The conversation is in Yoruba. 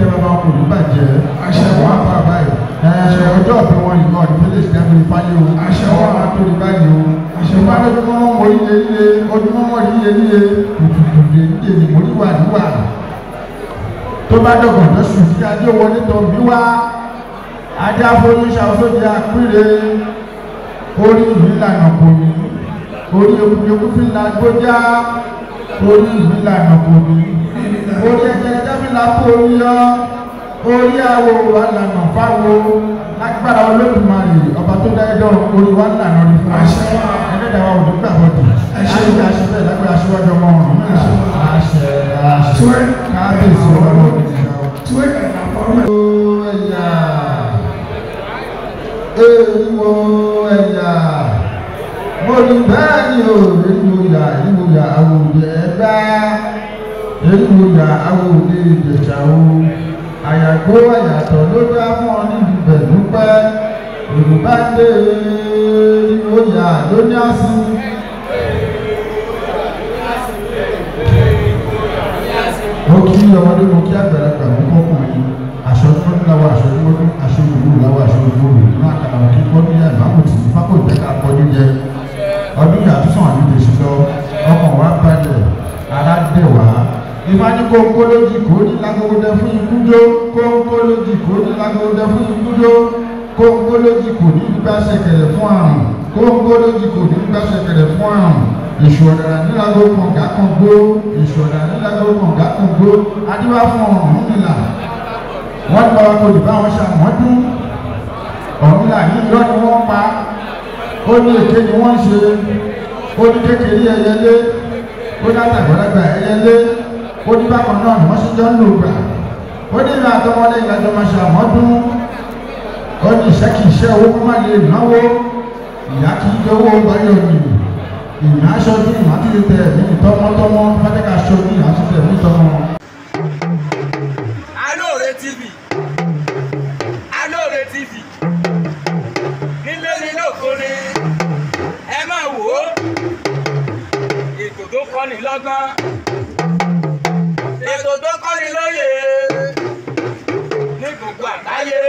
jẹ́ bàbá ọkùnrin ló bàjẹ́. àṣẹ wà bá báyìí. àṣẹ ọjọ́ ọ̀bẹ wọn yìí náà ní fẹ́lẹ́ ìdá mi fáyé o. àṣẹ wà á tó ní báyìí o. àṣẹ wà á tó mọ́ mọ́ iye iye ọdún mọ́ mọ́ iye iye kùtùkùtù iye ni mo ní wà ní wà. tó bá dọ̀gbọ̀n tó sùn sí adé wọlé tó bí wá. adé afọlúṣà sóde àpérè orí ìlànà kò ní orí ekuyekú fi la gbójá orí ìlànà kò ní. orí àwọn olùwà lànà fáwọn lágbára olódùmarè ọba tó dá ẹjọ́ olùwà lànà ní fún àṣẹ ẹlẹ́dàá òdò gbàgbọ́ dì àṣẹ àṣẹ bẹ́ẹ̀ lágbára aṣíwájú ọmọ ọ̀run náà àṣẹ àṣẹ kábíyèsí ọmọ ọ̀run. ẹ̀yà èèwọ̀ ẹ̀yà ni o èèwọ̀ yà èèwọ̀ yà àwòrán ẹ̀dá èèwọ̀ àyàgbó àyàtọ̀ ló dá mọ́ níbi pẹ̀lú pẹ́ yorùbá dé oyà ló ní àsìn. mo kí ọmọdé mo kí àgbàlagbà mo kọ́ kùn yín aṣọ tó ń lawọ aṣọ tó ń aṣọ òwúrò lawọ aṣọ òwúrò nínú àkàrà òkè kọ́ ní àbámọ̀ tì fákò ìjẹ́ka akọ́jú jẹ ọdún yàtọ̀ sàn àbí lè ṣiṣọ́ ọkàn wa balẹ̀ aládẹ́wàá ìfanigbó kólójì kò ní lágbódé fún ikú dúdó kóńkó lójì kò ní lágbóńdá fún dúdó kóńkó lójì kò ní gbá ṣẹ̀kẹ̀rẹ̀ fún àrùn kóńkó lójì kò ní gbá ṣẹ̀kẹ̀rẹ̀ fún àrùn èṣù ọ̀dàrà nílágbó kànga kan gbó èṣù ọ̀dàrà nílágbó kànga kan gbó adíwá fún ọ̀run nílà wọ́n gba ọkọ̀ ìbá wọn ṣàmọ́dún ọ̀run nílà yìí yọ́ ni wọ́n pa ó ní èké ni wọ́n ṣe ó ní kékeré ẹyẹlé ó ní àtàgbọ́dàgbà ẹyẹlé ó ní bákan náà ni wọ́n ṣe jọ ń lò gbà ó ní ìlà àtọmọdé ìgbàjọ máa ṣe àmọ́dún ó ní iṣẹ́ kì í ṣe owó kó má náwó ìyá owó gbáyọ̀ ni ìyá ní ìmọ̀tìlẹ̀ tẹ̀ ní ìtọ́mọ́tọ́mọ́ fẹ́kẹ́ka aṣọ ní ìyàtọ̀ ní ìtọ́mọ́. ètò tó kọ́ni lọ́gbọ́n ètò tó kọ́ni lóye. தாயே